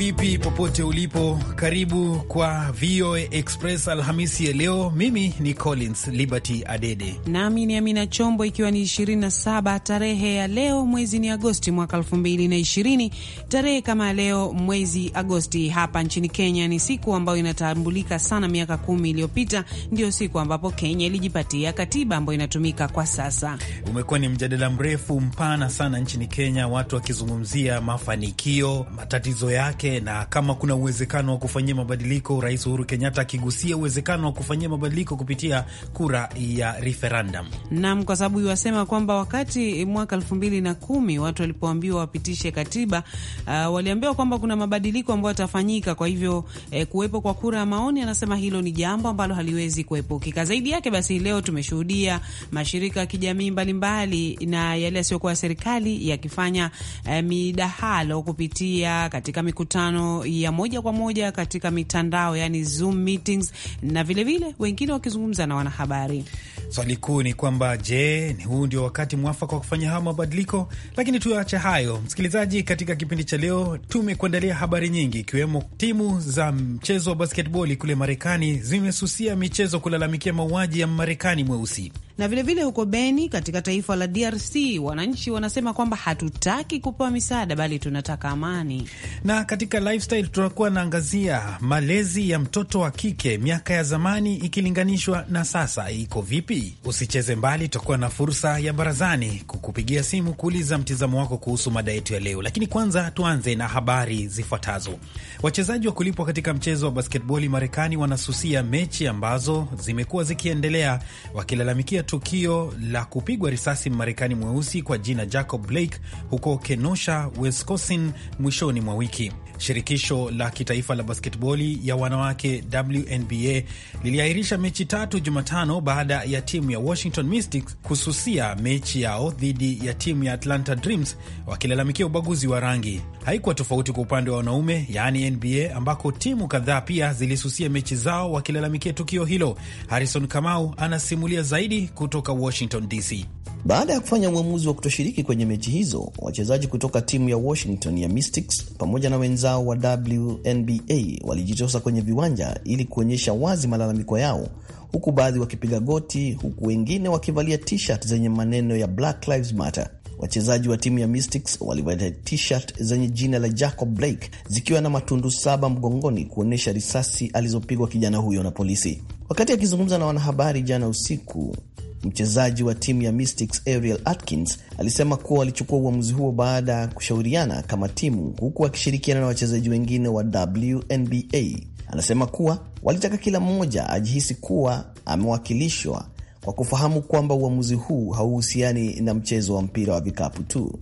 vipi popote ulipo, karibu kwa VOA Express Alhamisi ya leo. Mimi ni Collins Liberty Adede nami ni Amina Chombo, ikiwa ni 27 tarehe ya leo, mwezi ni Agosti mwaka 2020. Tarehe kama leo mwezi Agosti hapa nchini Kenya ni siku ambayo inatambulika sana. Miaka kumi iliyopita ndio siku ambapo Kenya ilijipatia katiba ambayo inatumika kwa sasa. Umekuwa ni mjadala mrefu mpana sana nchini Kenya, watu wakizungumzia mafanikio, matatizo yake yake, na kama kuna uwezekano wa kufanyia mabadiliko, Rais Uhuru Kenyatta akigusia uwezekano wa kufanyia mabadiliko kupitia kura ya referendum. Naam, kwa sababu iwasema kwamba wakati mwaka elfu mbili na kumi watu walipoambiwa wapitishe katiba uh, waliambiwa kwamba kuna mabadiliko ambayo yatafanyika, kwa hivyo eh, kuwepo kwa kura ya maoni, anasema hilo ni jambo ambalo haliwezi kuepukika. Zaidi yake basi, leo tumeshuhudia mashirika ya kijamii mbalimbali na yale yasiyokuwa ya serikali yakifanya eh, midahalo kupitia katika mikutano mikutano ya moja kwa moja katika mitandao, yani Zoom meetings, na vilevile vile, wengine wakizungumza na wanahabari. Swali kuu ni kwamba je, ni huu ndio wakati mwafaka wa kufanya hayo mabadiliko? Lakini tuache hayo, msikilizaji. Katika kipindi cha leo tumekuandalia habari nyingi, ikiwemo timu za mchezo wa basketboli kule Marekani zimesusia michezo kulalamikia mauaji ya Marekani mweusi na vilevile vile huko Beni katika taifa la DRC wananchi wanasema kwamba hatutaki kupewa misaada bali tunataka amani. Na katika lifestyle tunakuwa naangazia malezi ya mtoto wa kike miaka ya zamani ikilinganishwa na sasa iko vipi? Jumapili. Usicheze mbali, tutakuwa na fursa ya barazani kukupigia simu kuuliza mtizamo wako kuhusu mada yetu ya leo, lakini kwanza tuanze na habari zifuatazo. Wachezaji wa kulipwa katika mchezo wa basketboli Marekani wanasusia mechi ambazo zimekuwa zikiendelea wakilalamikia tukio la kupigwa risasi marekani mweusi kwa jina Jacob Blake huko Kenosha, Wisconsin mwishoni mwa wiki. Shirikisho la kitaifa la basketboli ya wanawake WNBA liliahirisha mechi tatu Jumatano baada ya timu ya Washington Mystics kususia mechi yao dhidi ya timu ya Atlanta Dreams wakilalamikia ubaguzi wa rangi haikuwa tofauti kwa upande wa wanaume, yaani NBA, ambako timu kadhaa pia zilisusia mechi zao wakilalamikia tukio hilo. Harrison Kamau anasimulia zaidi kutoka Washington DC. Baada ya kufanya uamuzi wa kutoshiriki kwenye mechi hizo, wachezaji kutoka timu ya Washington ya Mystics pamoja na wenzao wa WNBA walijitosa kwenye viwanja ili kuonyesha wazi malalamiko yao, huku baadhi wakipiga goti, huku wengine wakivalia t-shirt zenye maneno ya Black Lives Matter. Wachezaji wa timu ya Mystics walivalia t-shirt zenye jina la Jacob Blake zikiwa na matundu saba mgongoni kuonyesha risasi alizopigwa kijana huyo na polisi. Wakati akizungumza na wanahabari jana usiku, mchezaji wa timu ya Mystics Ariel Atkins alisema kuwa walichukua uamuzi huo baada ya kushauriana kama timu, huku akishirikiana na wachezaji wengine wa WNBA. Anasema kuwa walitaka kila mmoja ajihisi kuwa amewakilishwa kwa kufahamu kwamba uamuzi huu hauhusiani na mchezo wa mpira wa vikapu tu.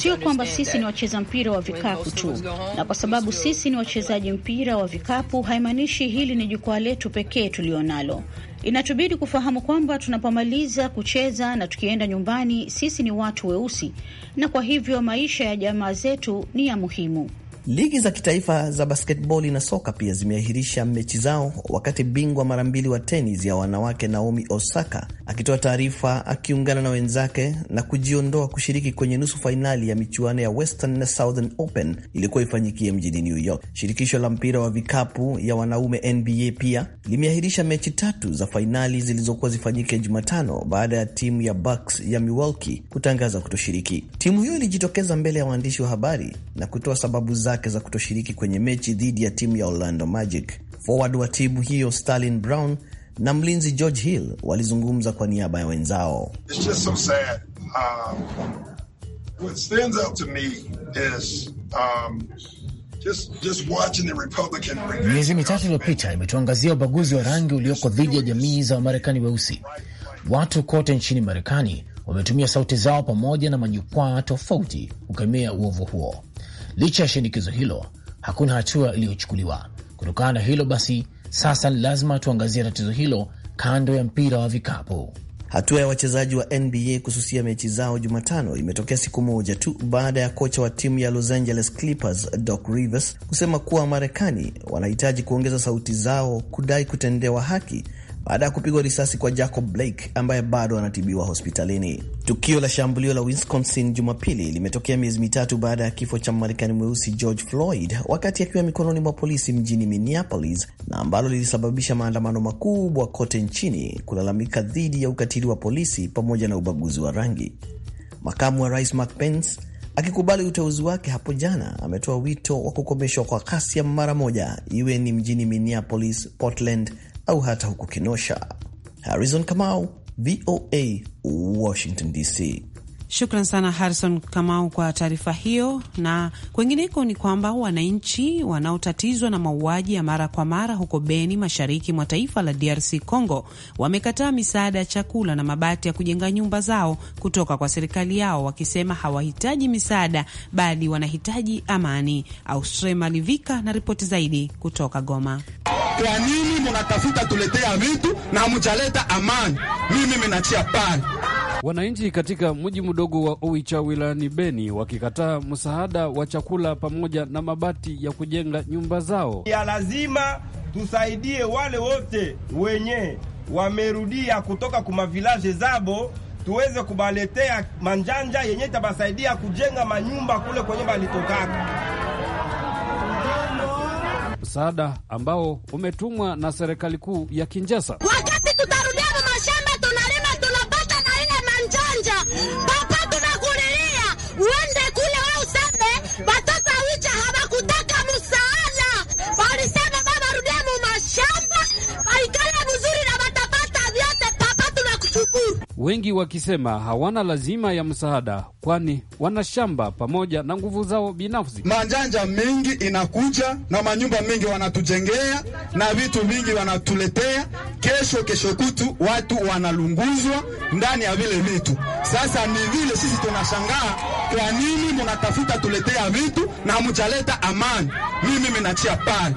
Sio kwamba sisi ni wacheza mpira wa vikapu tu, na kwa sababu sisi ni wachezaji mpira wa vikapu haimaanishi hili ni jukwaa letu pekee tulionalo. Inatubidi kufahamu kwamba tunapomaliza kucheza na tukienda nyumbani, sisi ni watu weusi, na kwa hivyo maisha ya jamaa zetu ni ya muhimu. Ligi za kitaifa za basketball na soka pia zimeahirisha mechi zao, wakati bingwa mara mbili wa tenis ya wanawake Naomi Osaka akitoa taarifa akiungana na wenzake na kujiondoa kushiriki kwenye nusu fainali ya michuano ya Western na Southern Open ilikuwa ifanyikie mjini New York. Shirikisho la mpira wa vikapu ya wanaume NBA pia limeahirisha mechi tatu za fainali zilizokuwa zifanyike Jumatano baada ya timu ya Bucks ya Milwaukee kutangaza kutoshiriki. Timu hiyo ilijitokeza mbele ya waandishi wa habari na kutoa sababu za zake za kutoshiriki kwenye mechi dhidi ya timu ya Orlando Magic. Forward wa timu hiyo Sterling Brown na mlinzi George Hill walizungumza kwa niaba ya wenzao. Miezi mitatu iliyopita imetuangazia ubaguzi wa rangi ulioko dhidi ya jamii za Wamarekani weusi. Watu kote nchini Marekani wametumia sauti zao pamoja na majukwaa tofauti kukemea uovu huo. Licha ya shinikizo hilo, hakuna hatua iliyochukuliwa. Kutokana na hilo basi, sasa ni lazima tuangazie tatizo hilo kando ya mpira wa vikapu. Hatua ya wachezaji wa NBA kususia mechi zao Jumatano imetokea siku moja tu baada ya kocha wa timu ya Los Angeles Clippers Doc Rivers kusema kuwa marekani wanahitaji kuongeza sauti zao kudai kutendewa haki baada ya kupigwa risasi kwa Jacob Blake ambaye bado anatibiwa hospitalini. Tukio la shambulio la Wisconsin Jumapili limetokea miezi mitatu baada ya kifo cha Marekani mweusi George Floyd wakati akiwa mikononi mwa polisi mjini Minneapolis, na ambalo lilisababisha maandamano makubwa kote nchini kulalamika dhidi ya ukatili wa polisi pamoja na ubaguzi wa rangi. Makamu wa rais Mark Pence akikubali uteuzi wake hapo jana, ametoa wito wa kukomeshwa kwa ghasia mara moja, iwe ni mjini Minneapolis, Portland au hata huko Kenosha. Harrison Kamau, VOA, Washington DC. Shukran sana Harrison Kamau kwa taarifa hiyo. Na kwengineko ni kwamba wananchi wanaotatizwa na mauaji ya mara kwa mara huko Beni, mashariki mwa taifa la DRC Congo, wamekataa misaada ya chakula na mabati ya kujenga nyumba zao kutoka kwa serikali yao, wakisema hawahitaji misaada bali wanahitaji amani. Austre Malivika na ripoti zaidi kutoka Goma. Kwa nini munatafuta tuletea vitu na mujaleta amani? Mimi minachia pale Wananchi katika mji mdogo wa Oicha wilayani Beni wakikataa msaada wa chakula pamoja na mabati ya kujenga nyumba zao. Ya lazima tusaidie wale wote wenye wamerudia kutoka kumavilaje zabo tuweze kubaletea manjanja yenye itabasaidia kujenga manyumba kule kwenye balitokaka. Msaada ambao umetumwa na serikali kuu ya Kinjasa wakati wengi wakisema hawana lazima ya msaada, kwani wana shamba pamoja na nguvu zao binafsi. Manjanja mingi inakuja na manyumba mingi wanatujengea na vitu vingi wanatuletea. Kesho kesho kutu watu wanalunguzwa ndani ya vile vitu. Sasa ni vile sisi tunashangaa, kwa nini munatafuta tuletea vitu na mujaleta amani? Mimi minachia pale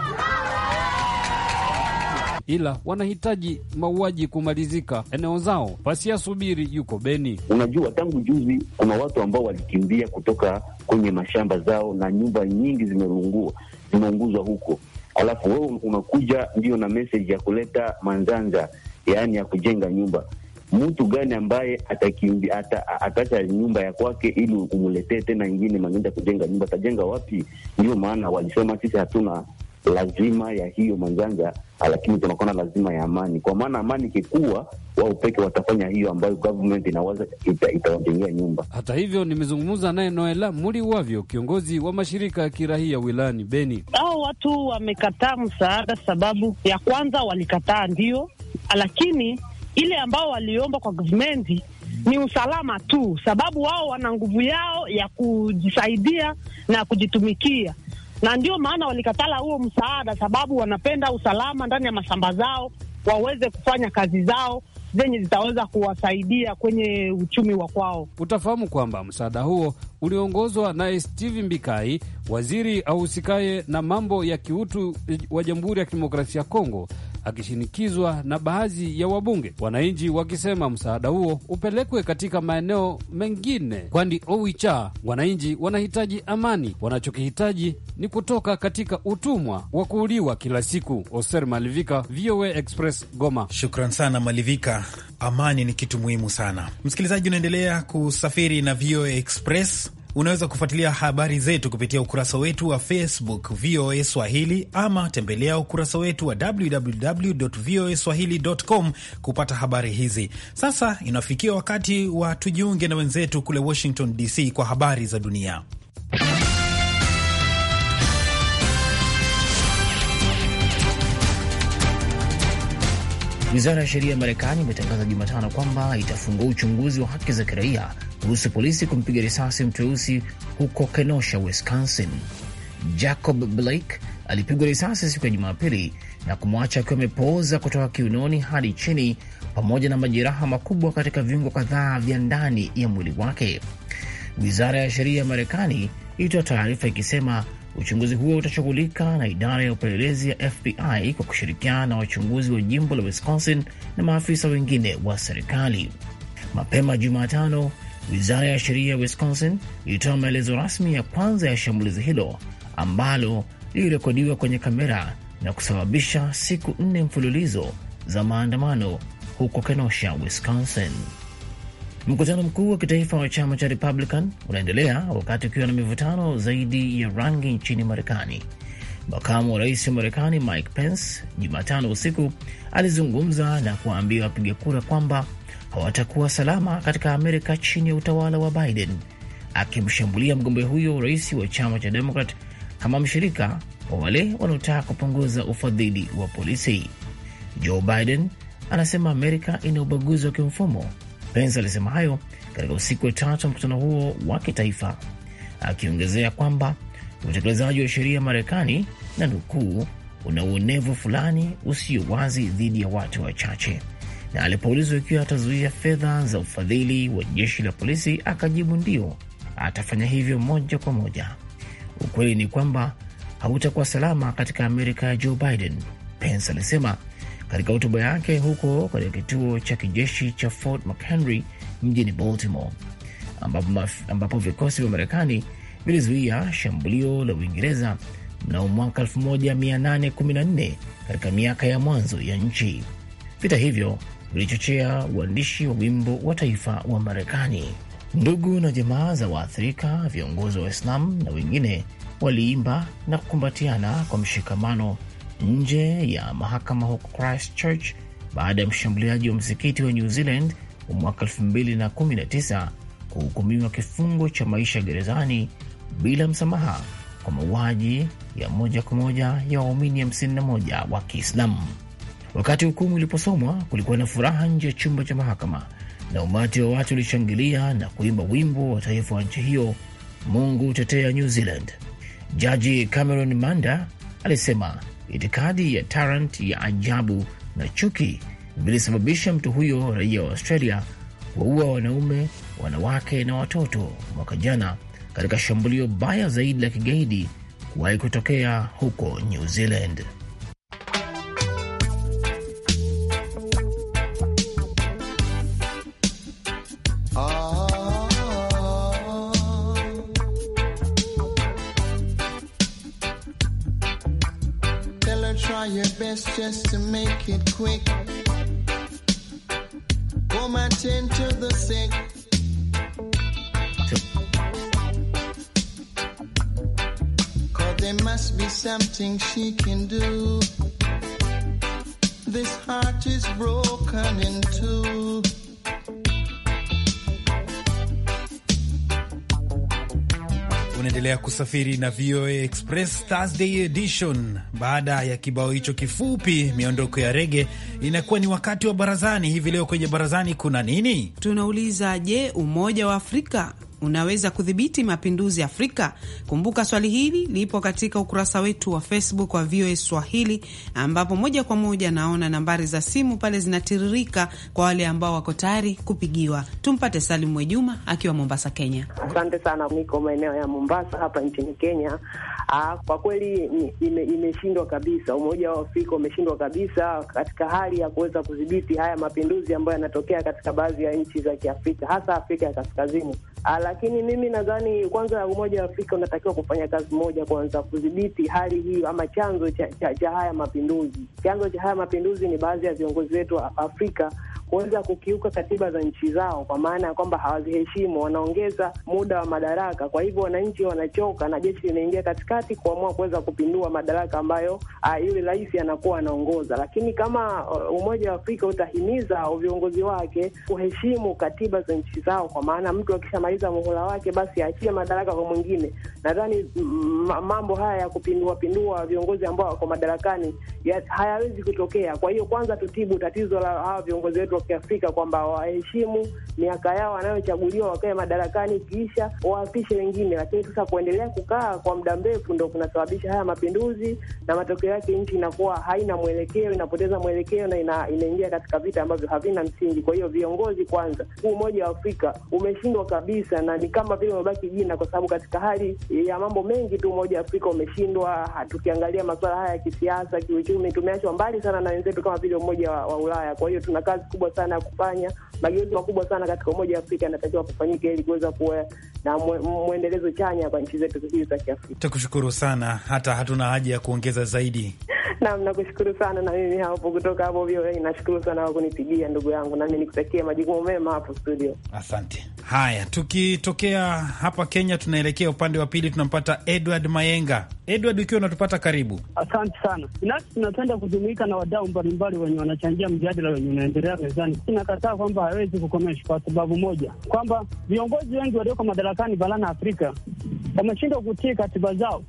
ila wanahitaji mauaji kumalizika eneo zao. Pasia Subiri yuko Beni. Unajua, tangu juzi kuna watu ambao walikimbia kutoka kwenye mashamba zao na nyumba nyingi zimeungua, zimeunguzwa huko, alafu wewe unakuja ndio na meseji ya kuleta manzanza, yaani ya kujenga nyumba Mtu gani ambaye atakimbi ata, atacha nyumba ya kwake ili umletee tena ingine manenda kujenga nyumba, atajenga wapi? ndio maana walisema sisi hatuna lazima ya hiyo manjanja, ah, lakini tunakuwa na lazima ya amani, kwa maana amani ikikuwa wao peke watafanya hiyo ambayo government inawaza itawajengea ita nyumba. Hata hivyo, nimezungumza naye Noela Muli Wavyo, kiongozi wa mashirika ya kirahia wilayani Beni. Hao watu wamekataa msaada, sababu ya kwanza walikataa ndio, lakini ile ambao waliomba kwa government ni usalama tu, sababu wao wana nguvu yao ya kujisaidia na kujitumikia na ndio maana walikatala huo msaada, sababu wanapenda usalama ndani ya mashamba zao, waweze kufanya kazi zao zenye zitaweza kuwasaidia kwenye uchumi wa kwao. Utafahamu kwamba msaada huo uliongozwa naye Steve Mbikai, waziri ahusikaye na mambo ya kiutu wa Jamhuri ya Kidemokrasia ya Kongo, akishinikizwa na baadhi ya wabunge, wananchi wakisema msaada huo upelekwe katika maeneo mengine, kwani Oicha wananchi wanahitaji amani, wanachokihitaji ni kutoka katika utumwa wa kuuliwa kila siku. Oser Malivika, VOA Express, Goma. Shukran sana Malivika. Amani ni kitu muhimu sana. Msikilizaji, unaendelea kusafiri na VOA Express Unaweza kufuatilia habari zetu kupitia ukurasa wetu wa Facebook VOA Swahili, ama tembelea ukurasa wetu wa www voa swahili.com kupata habari hizi. Sasa inafikia wakati wa tujiunge na wenzetu kule Washington DC kwa habari za dunia. Wizara ya sheria ya Marekani imetangaza Jumatano kwamba itafungua uchunguzi wa haki za kiraia kuhusu polisi kumpiga risasi mteusi huko Kenosha, Wisconsin. Jacob Blake alipigwa risasi siku ya Jumapili na kumwacha akiwa amepooza kutoka kiunoni hadi chini pamoja na majeraha makubwa katika viungo kadhaa vya ndani ya mwili wake. Wizara ya sheria ya Marekani ilitoa taarifa ikisema uchunguzi huo utashughulika na idara ya upelelezi ya FBI kwa kushirikiana na wachunguzi wa jimbo la Wisconsin na maafisa wengine wa serikali. Mapema Jumatano, Wizara ya sheria ya Wisconsin ilitoa maelezo rasmi ya kwanza ya shambulizi hilo ambalo lilirekodiwa kwenye kamera na kusababisha siku nne mfululizo za maandamano huko Kenosha, Wisconsin. Mkutano mkuu wa kitaifa wa chama cha Republican unaendelea wakati ukiwa na mivutano zaidi ya rangi nchini Marekani. Makamu wa rais wa Marekani Mike Pence Jumatano usiku alizungumza na kuwaambia wapiga kura kwamba hawatakuwa salama katika Amerika chini ya utawala wa Biden, akimshambulia mgombea huyo rais wa chama cha Demokrat kama mshirika wa wale wanaotaka kupunguza ufadhili wa polisi. Joe Biden anasema Amerika ina ubaguzi wa kimfumo. Pence alisema hayo katika usiku wa tatu wa mkutano huo wa kitaifa, akiongezea kwamba utekelezaji wa sheria ya Marekani na nukuu, una uonevu fulani usio wazi dhidi ya watu wachache na alipoulizwa ikiwa atazuia fedha za ufadhili wa jeshi la polisi, akajibu ndio, atafanya hivyo moja kwa moja. Ukweli ni kwamba hautakuwa salama katika Amerika ya Joe Biden, Pence alisema katika hotuba yake huko katika kituo cha kijeshi cha Fort McHenry mjini Baltimore, ambapo, ambapo vikosi vya Marekani vilizuia shambulio la Uingereza mnamo mwaka 1814 katika miaka ya mwanzo ya nchi. Vita hivyo ulichochea uandishi wa wimbo wa taifa wa Marekani. Ndugu na jamaa za waathirika, viongozi wa Islamu na wengine waliimba na kukumbatiana kwa mshikamano nje ya mahakama huko Christchurch baada ya mshambuliaji wa msikiti wa New Zealand wa mwaka 2019 kuhukumiwa kifungo cha maisha gerezani bila msamaha kwa mauaji ya moja kwa moja ya waumini 51 wa Kiislamu. Wakati hukumu iliposomwa, kulikuwa na furaha nje ya chumba cha mahakama na umati wa watu ulishangilia na kuimba wimbo wa taifa wa nchi hiyo, Mungu tetea New Zealand. Jaji Cameron Manda alisema itikadi ya tarant ya ajabu na chuki vilisababisha mtu huyo raia wa Australia kuwaua wanaume, wanawake na watoto mwaka jana katika shambulio baya zaidi la kigaidi kuwahi kutokea huko New Zealand. dancing she can do. This heart is broken in two. Unaendelea kusafiri na VOA Express Thursday Edition. Baada ya kibao hicho kifupi, miondoko ya rege, inakuwa ni wakati wa barazani. Hivi leo kwenye barazani kuna nini? Tunauliza, je, Umoja wa Afrika unaweza kudhibiti mapinduzi Afrika? Kumbuka swali hili lipo katika ukurasa wetu wa Facebook wa VOA Swahili, ambapo moja kwa moja naona nambari za simu pale zinatiririka kwa wale ambao wako tayari kupigiwa. Tumpate Salim Mwejuma akiwa Mombasa, Kenya. Asante sana, niko maeneo ya Mombasa hapa nchini Kenya. Aa, ah, kwa kweli ime, imeshindwa kabisa, Umoja wa Afrika umeshindwa kabisa katika hali ya kuweza kudhibiti haya mapinduzi ambayo yanatokea katika baadhi ya nchi za Kiafrika, hasa Afrika ya kaskazini. A, ah, lakini mimi nadhani kwanza Umoja wa Afrika unatakiwa kufanya kazi moja kwanza, kudhibiti hali hii ama chanzo cha, cha, cha haya mapinduzi. Chanzo cha haya mapinduzi ni baadhi ya viongozi wetu wa Afrika kuweza kukiuka katiba za nchi zao, kwa maana ya kwamba hawaziheshimu, wanaongeza muda wa madaraka. Kwa hivyo wananchi wanachoka na jeshi linaingia katikati kuamua kuweza kupindua madaraka ambayo ah, yule rais anakuwa anaongoza. Lakini kama uh, Umoja wa Afrika utahimiza viongozi wake kuheshimu katiba za nchi zao, kwa maana mtu akishamaliza muhula wake basi aachie madaraka kwa mwingine, nadhani mm, mambo haya ya kupindua pindua viongozi ambao wako madarakani hayawezi kutokea. Kwa hiyo kwanza tutibu tatizo la hawa viongozi wetu wa Kiafrika kwamba waheshimu miaka yao wanayochaguliwa wakae madarakani, kisha waapishe wengine. Lakini sasa kuendelea kukaa kwa muda mrefu ndo kunasababisha haya mapinduzi, na matokeo yake nchi inakuwa haina mwelekeo, inapoteza mwelekeo na ina, inaingia katika vita ambavyo havina msingi. Kwa hiyo viongozi kwanza, huu Umoja wa Afrika umeshindwa kabisa na ni kama vile umebaki jina, kwa sababu katika hali ya mambo mengi tu Umoja wa Afrika umeshindwa. Tukiangalia masuala haya ya kisiasa, kiuchumi, tumeachwa mbali sana na wenzetu kama vile Umoja wa, wa Ulaya. Kwa hiyo tuna kazi kubwa sana ya kufanya, mageuzi makubwa sana katika Umoja wa Afrika yanatakiwa kufanyika ili kuweza na mwendelezo chanya kwa nchi zetu hizi za Kiafrika. Tukushukuru sana, hata hatuna haja ya kuongeza zaidi. Naam, nakushukuru sana na mimi hapo kutoka hapo VOA, nashukuru sana kwa kunipigia ndugu yangu, nami nikutakia majukumu mema hapo studio. Asante. Haya, tukitokea hapa Kenya tunaelekea upande wa pili, tunampata Edward Mayenga. Edward, ukiwa unatupata karibu. Asante sana. Binafsi tunapenda kujumuika na wadau mbalimbali wenye wanachangia mjadala wenye unaendelea mezani. Tunakataa kwamba hawezi kukomeshwa kwa sababu moja, kwamba viongozi wengi walioko madaraka madarakani barani Afrika wameshindwa kutii katiba zao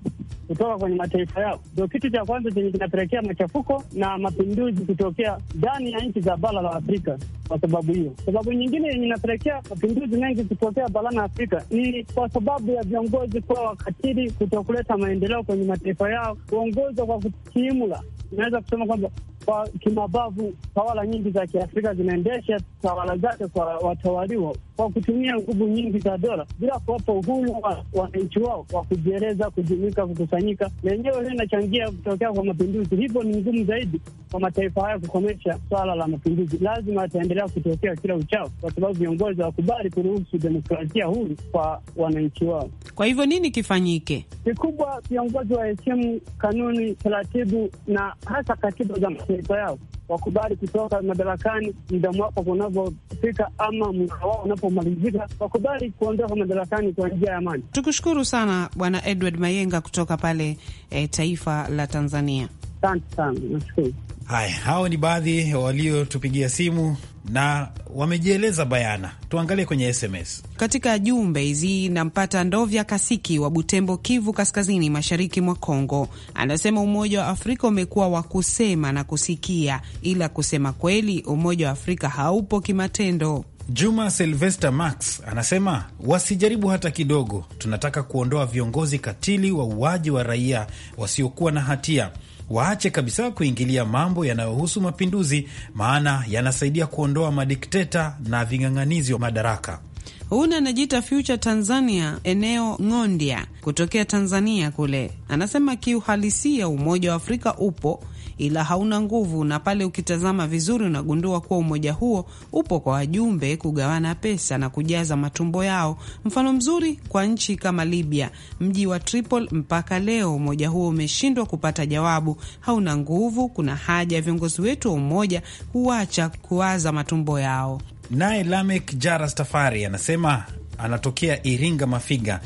kutoka kwenye mataifa yao. Ndio kitu cha kwanza chenye kinapelekea machafuko na mapinduzi kutokea ndani ya nchi za bara la Afrika. Kwa sababu hiyo, sababu nyingine yenye inapelekea mapinduzi mengi kutokea barani Afrika ni kwa sababu ya viongozi kuwa wakatili, kutokuleta maendeleo kwenye mataifa yao, kuongozwa kwa kiimla. Inaweza kusema kwamba kwa kimabavu, tawala nyingi za Kiafrika zinaendesha tawala zake kwa watawaliwa kwa kutumia nguvu nyingi za dola bila kuwapa uhuru wa wananchi wao wa kujieleza, kujumuika, kukusanyika, na enyewe leo inachangia kutokea kwa mapinduzi. Hivyo ni ngumu zaidi kwa mataifa haya kukomesha swala la mapinduzi. Lazima yataendelea kutokea kila uchao, kwa sababu viongozi hawakubali kuruhusu demokrasia huru kwa wananchi wao. Kwa hivyo nini kifanyike? Kikubwa viongozi waheshimu kanuni, taratibu na hasa katiba za mataifa yao wakubali kutoka madarakani muda mwafaka unavyofika, ama muda wao unapomalizika, wakubali kuondoka madarakani kwa njia ya amani. Tukushukuru sana Bwana Edward Mayenga kutoka pale e, taifa la Tanzania. Asante sana, nashukuru. Haya, hao ni baadhi waliotupigia simu na wamejieleza bayana. Tuangalie kwenye SMS katika jumbe hizi. Nampata Ndovya Kasiki wa Butembo, Kivu Kaskazini, mashariki mwa Kongo, anasema Umoja wa Afrika umekuwa wa kusema na kusikia, ila kusema kweli Umoja wa Afrika haupo kimatendo. Juma Silvester Max anasema wasijaribu hata kidogo, tunataka kuondoa viongozi katili, wauaji wa raia wasiokuwa na hatia waache kabisa kuingilia mambo yanayohusu mapinduzi, maana yanasaidia kuondoa madikteta na ving'ang'anizi wa madaraka. Huna anajiita Future Tanzania eneo Ng'ondia kutokea Tanzania kule, anasema kiuhalisia Umoja wa Afrika upo ila hauna nguvu, na pale ukitazama vizuri unagundua kuwa umoja huo upo kwa wajumbe kugawana pesa na kujaza matumbo yao. Mfano mzuri kwa nchi kama Libya, mji wa Tripoli, mpaka leo umoja huo umeshindwa kupata jawabu, hauna nguvu. Kuna haja ya viongozi wetu wa umoja kuacha kuwaza matumbo yao. Naye Lamek Jara Stafari anasema anatokea Iringa Mafiga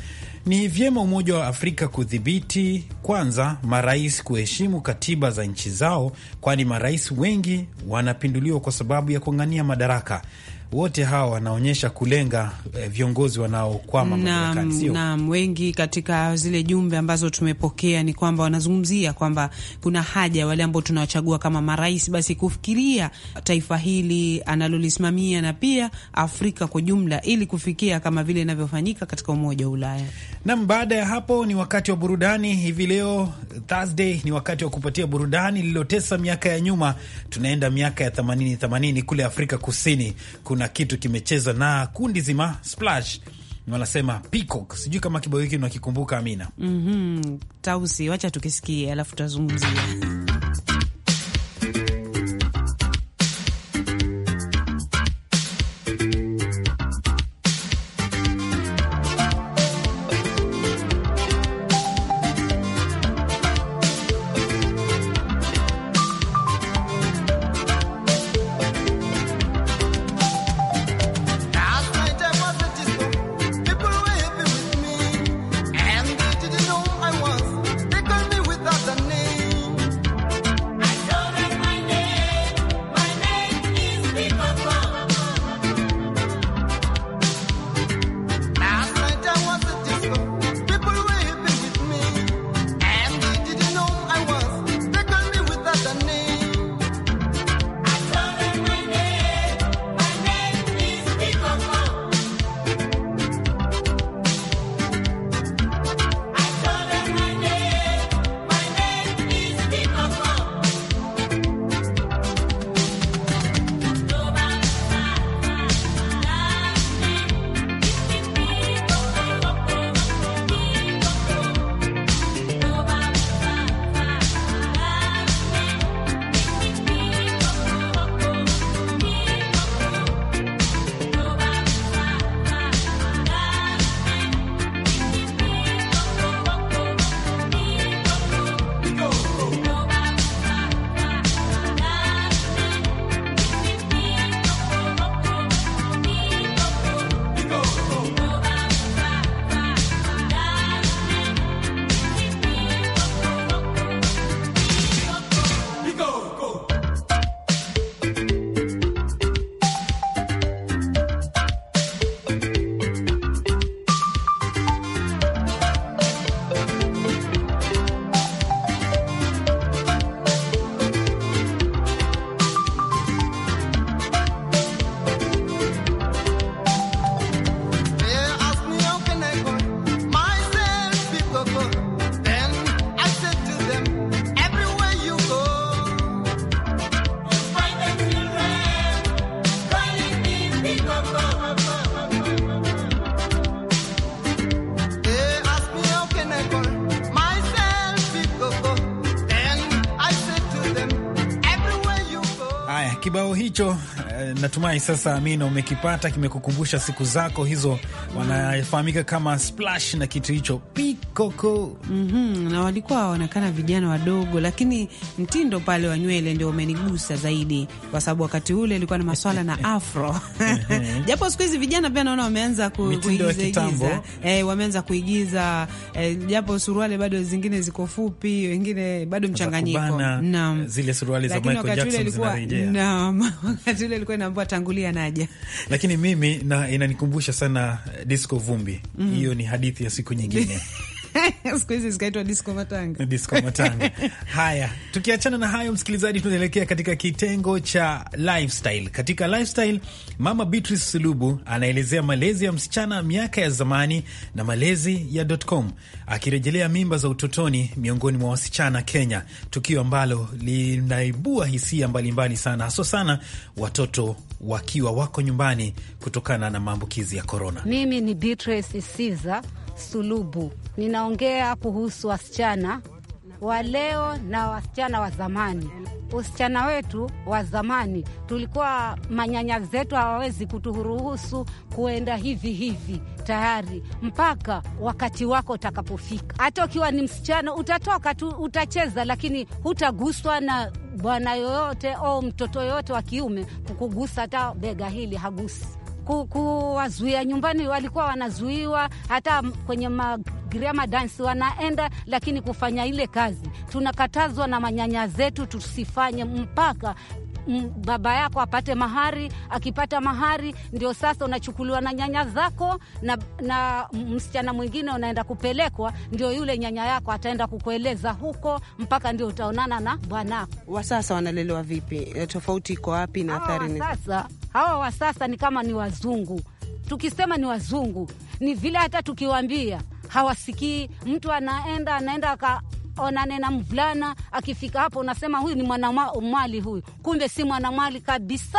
ni vyema Umoja wa Afrika kudhibiti kwanza marais kuheshimu katiba za nchi zao, kwani marais wengi wanapinduliwa kwa sababu ya kuangania madaraka wote hawa wanaonyesha kulenga eh, viongozi wanaokwama madarakani, Naam, wengi katika zile jumbe ambazo tumepokea ni kwamba wanazungumzia kwamba kuna haja wale ambao tunawachagua kama marais basi kufikiria taifa hili analolisimamia na pia Afrika kwa jumla, ili kufikia kama vile inavyofanyika katika Umoja wa Ulaya. Naam, baada ya hapo ni wakati wa burudani. Hivi leo Thursday ni wakati wa kupatia burudani lililotesa miaka ya nyuma. Tunaenda miaka ya 80 kule Afrika Kusini. Kuna kuna kitu kimecheza na kundi zima Splash wanasema Peacock. Sijui kama kibao hiki unakikumbuka Amina. mm -hmm. Tausi, wacha tukisikie alafu tutazungumzia Natumai sasa, Amina, umekipata kimekukumbusha siku zako hizo, wanafahamika kama splash na kitu hicho pik kikoko mm -hmm. Na walikuwa waonekana vijana wadogo, lakini mtindo pale wa nywele ndio umenigusa zaidi, kwa sababu wakati ule ilikuwa na maswala na afro japo siku hizi vijana pia naona wameanza ku, kuigiza eh, wameanza kuigiza eh, japo suruali bado zingine ziko fupi, wengine bado mchanganyiko, eh, naam, zile suruali za Michael Jackson zinarejea, naam, wakati ule ilikuwa inaambua tangulia naja, lakini mimi na inanikumbusha sana eh, disco vumbi mhm. hiyo. Mm. Ni hadithi ya siku nyingine siku hizi zikaitwa matanga, matanga. Haya, tukiachana na hayo, msikilizaji, tunaelekea katika kitengo cha lifestyle. Katika lifestyle, Mama Beatrice Sulubu anaelezea malezi ya msichana miaka ya zamani na malezi ya .com, akirejelea mimba za utotoni miongoni mwa wasichana Kenya, tukio ambalo linaibua hisia mbalimbali mbali sana, haswa sana watoto wakiwa wako nyumbani kutokana na maambukizi ya korona. Mimi ni Beatrice Siza Sulubu. Ninaongea kuhusu wasichana wa leo na wasichana wa zamani. Usichana wetu wa zamani, tulikuwa manyanya zetu hawawezi kuturuhusu kuenda hivi hivi, tayari mpaka wakati wako utakapofika. Hata ukiwa ni msichana, utatoka tu, utacheza, lakini hutaguswa na bwana yoyote au mtoto yoyote wa kiume kukugusa. Hata bega hili hagusi ku, kuwazuia nyumbani, walikuwa wanazuiwa hata kwenye magirama dansi wanaenda, lakini kufanya ile kazi tunakatazwa na manyanya zetu, tusifanye mpaka Mm, baba yako apate mahari. Akipata mahari, ndio sasa unachukuliwa na nyanya zako na, na msichana mwingine unaenda kupelekwa, ndio yule nyanya yako ataenda kukueleza huko, mpaka ndio utaonana na bwanako. Wasasa wanalelewa vipi? Eh, tofauti iko wapi na athari ni sasa? Hawa sasa ni kama ni wazungu. Tukisema ni wazungu, ni vile hata tukiwaambia hawasikii. Mtu anaenda anaenda onane na mvulana. Akifika hapo unasema huyu ni mwanamwali, huyu kumbe si mwanamwali kabisa.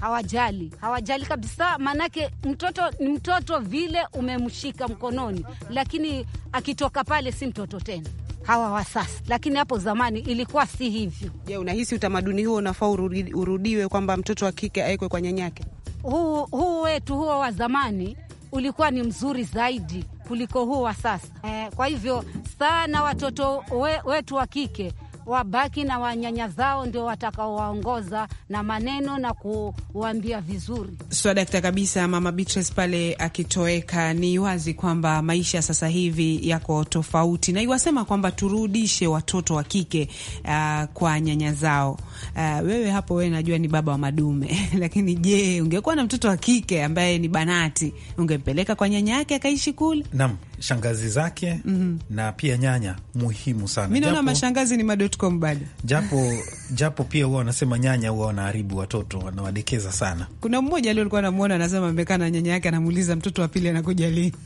Hawajali, hawajali kabisa, maanake mtoto ni mtoto vile umemshika mkononi, lakini akitoka pale si mtoto tena hawa wa sasa, lakini hapo zamani ilikuwa si hivyo. Je, unahisi utamaduni huo unafaa urudiwe kwamba mtoto wa kike awekwe kwa nyanyake? Huu, huu wetu huo wa zamani ulikuwa ni mzuri zaidi kuliko huu wa sasa. E, kwa hivyo sana watoto we, wetu wa kike wabaki na wanyanya zao ndio watakaowaongoza na maneno na kuwaambia vizuri. swadakta dakta kabisa. Mama Beatrice pale akitoweka, ni wazi kwamba maisha sasa hivi yako tofauti, na iwasema kwamba turudishe watoto wa kike uh, kwa nyanya zao uh, wewe hapo, wewe najua ni baba wa madume lakini je, ungekuwa na mtoto wa kike ambaye ni banati, ungempeleka kwa nyanya yake akaishi kule? Naam, shangazi zake mm -hmm. na pia nyanya muhimu sana. Mi naona mashangazi ni madotcom bado, japo japo pia huwa wanasema nyanya huwa wanaharibu watoto, wanawadekeza sana. Kuna mmoja leo alikuwa anamwona anasema amekaa na nyanya yake, anamuuliza mtoto wa pili anakuja lini?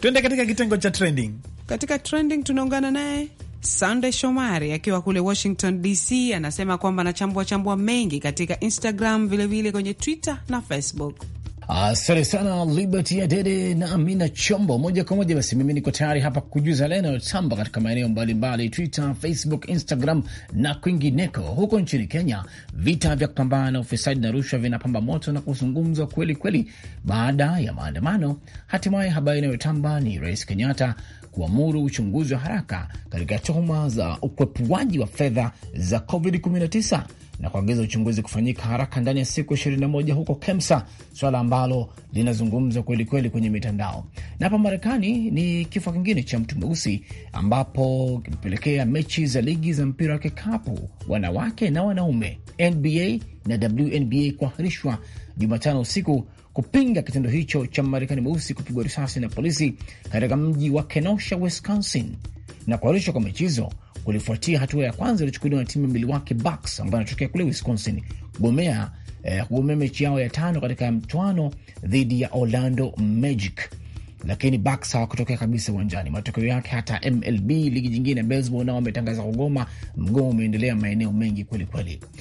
Tuende katika kitengo cha trending. Katika trending tunaungana naye Sunday Shomari akiwa kule Washington DC anasema kwamba anachambua chambua mengi katika Instagram, vilevile vile kwenye Twitter na Facebook. Asante sana Liberty Adede na Amina Chombo. Moja kwa moja basi, mimi niko tayari hapa kujuza yale yanayotamba katika maeneo mbalimbali, Twitter, Facebook, Instagram na kwingineko. Huko nchini Kenya, vita vya kupambana na ufisadi na rushwa vinapamba moto na kuzungumzwa kweli kweli baada ya maandamano. Hatimaye habari inayotamba ni Rais Kenyatta kuamuru uchunguzi wa haraka katika tuhuma za ukwepuaji wa fedha za COVID-19 na kuagiza uchunguzi kufanyika haraka ndani ya siku 21 huko Kemsa, swala ambalo linazungumzwa kwelikweli kwenye mitandao. Na hapa Marekani ni kifo kingine cha mtu mweusi ambapo kimepelekea mechi za ligi za mpira wa kikapu wanawake na wanaume NBA na WNBA kuahirishwa Jumatano usiku kupinga kitendo hicho cha Marekani mweusi kupigwa risasi na polisi katika mji wa Kenosha, Wisconsin. Na kuahirishwa kwa mechi hizo kulifuatia hatua ya kwanza iliyochukuliwa na timu ya Milwaukee Bucks ambayo anatokea kule Wisconsin kugomea eh, kugomea mechi yao ya tano katika mchwano dhidi ya Orlando Magic, lakini Bucks hawakutokea kabisa uwanjani. Matokeo yake hata MLB, ligi nyingine ya baseball, nao wametangaza kugoma. Mgomo umeendelea maeneo mengi kwelikweli kweli.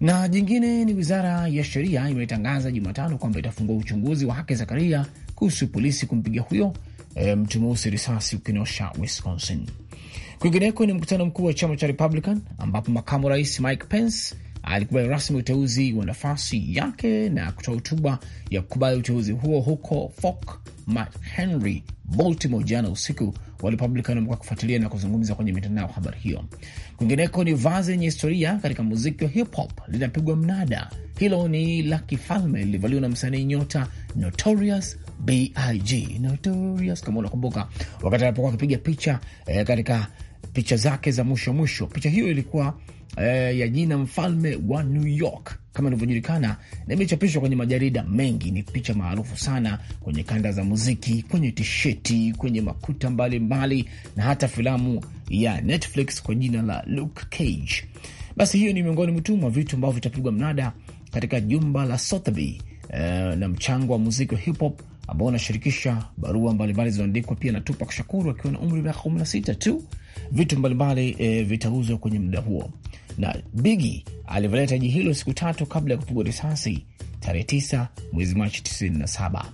Na jingine ni wizara ya sheria imetangaza Jumatano kwamba itafungua uchunguzi wa haki zakaria kuhusu polisi kumpiga huyo e, mtu mweusi risasi ukinosha Wisconsin. Kwingineko ni mkutano mkuu wa chama cha Republican ambapo makamu rais Mike Pence alikubali rasmi uteuzi wa nafasi yake na kutoa hotuba ya kukubali uteuzi huo huko Fort McHenry, Baltimore, jana usiku. Warepublican wamekuwa kufuatilia na kuzungumza kwenye mitandao habari hiyo. Kwingineko, ni vazi lenye historia katika muziki wa hip hop linapigwa mnada. Hilo ni la kifalme lilivaliwa na msanii nyota Notorious B.I.G. Notorious, kama unakumbuka, wakati alipokuwa akipiga picha eh, katika picha zake za mwisho mwisho. Picha hiyo ilikuwa eh, ya jina mfalme wa New York kama ilivyojulikana na imechapishwa kwenye majarida mengi. Ni picha maarufu sana kwenye kanda za muziki, kwenye tisheti, kwenye makuta mbalimbali mbali, na hata filamu ya Netflix kwa jina la Luke Cage. Basi hiyo ni miongoni mtu mwa vitu ambavyo vitapigwa mnada katika jumba la Sotheby eh, na mchango wa muziki wa hip hop ambao unashirikisha barua mbalimbali zilizoandikwa pia na Tupac Shakur akiwa na umri wa miaka 16 tu. Vitu mbalimbali eh, vitauzwa kwenye muda huo na Bigi alivalia taji hilo siku tatu kabla ya kupigwa risasi tarehe 9 mwezi Machi 97.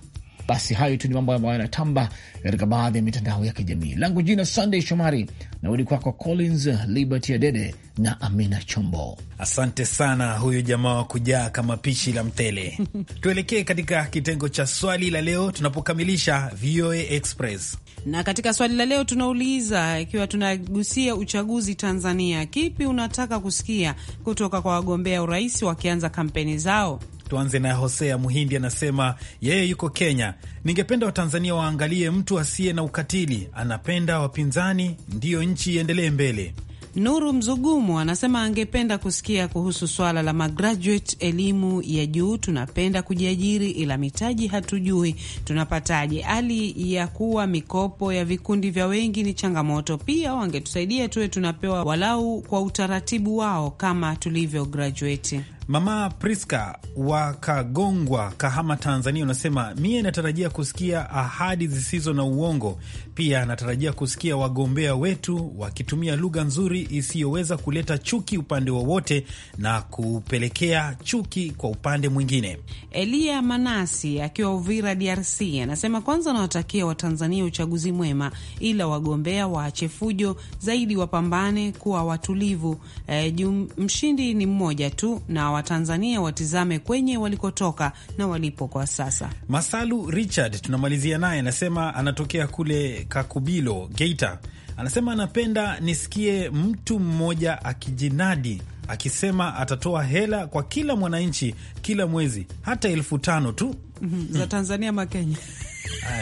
Basi hayo tu ni mambo ambayo yanatamba katika baadhi ya mitandao ya kijamii. Langu jina Sunday Shomari na kwako Collins Liberty Adede na Amina Chombo. Asante sana huyu jamaa wa kujaa kama pishi la mtele. Tuelekee katika kitengo cha swali la leo tunapokamilisha VOA Express, na katika swali la leo tunauliza, ikiwa tunagusia uchaguzi Tanzania, kipi unataka kusikia kutoka kwa wagombea urais wakianza kampeni zao? Tuanze na Hosea Muhindi, anasema yeye yuko Kenya. Ningependa Watanzania waangalie mtu asiye na ukatili, anapenda wapinzani, ndiyo nchi iendelee mbele. Nuru mzugumu anasema angependa kusikia kuhusu swala la magraduate elimu ya juu. Tunapenda kujiajiri, ila mitaji hatujui tunapataje. Hali ya kuwa mikopo ya vikundi vya wengi ni changamoto. Pia wangetusaidia tuwe tunapewa walau kwa utaratibu wao kama tulivyo graduate. Mama Priska wa Kagongwa, Kahama, Tanzania, unasema mie natarajia kusikia ahadi zisizo na uongo. Pia natarajia kusikia wagombea wetu wakitumia lugha nzuri isiyoweza kuleta chuki upande wowote na kupelekea chuki kwa upande mwingine. Eliya Manasi akiwa Uvira, DRC, anasema kwanza anawatakia Watanzania uchaguzi mwema, ila wagombea waache fujo zaidi, wapambane kuwa watulivu. E, mshindi ni mmoja tu na Watanzania watizame kwenye walikotoka na walipo kwa sasa. Masalu Richard tunamalizia naye, anasema anatokea kule Kakubilo, Geita. Anasema anapenda nisikie mtu mmoja akijinadi akisema atatoa hela kwa kila mwananchi kila mwezi, hata elfu tano tu mm -hmm. za Tanzania makenya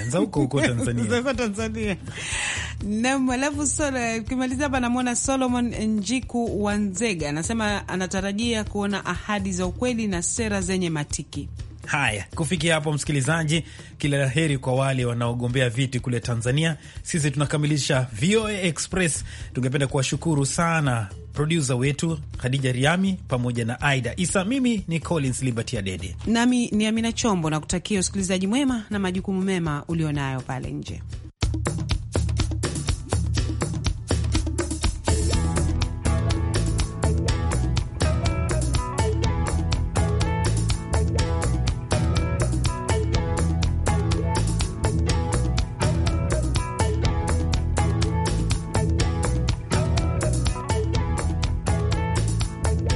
za huko huko Tanzania, Tanzania. Nam, alafu eh, ukimaliza hapa, namwona Solomon Njiku Wanzega anasema anatarajia kuona ahadi za ukweli na sera zenye matiki. Haya, kufikia hapo msikilizaji, kila laheri kwa wale wanaogombea viti kule Tanzania. Sisi tunakamilisha VOA Express. Tungependa kuwashukuru sana produsa wetu Khadija Riami pamoja na Aida Isa. Mimi ni Collins Liberty Adede nami ni Amina Chombo, na kutakia usikilizaji mwema na majukumu mema ulionayo pale nje.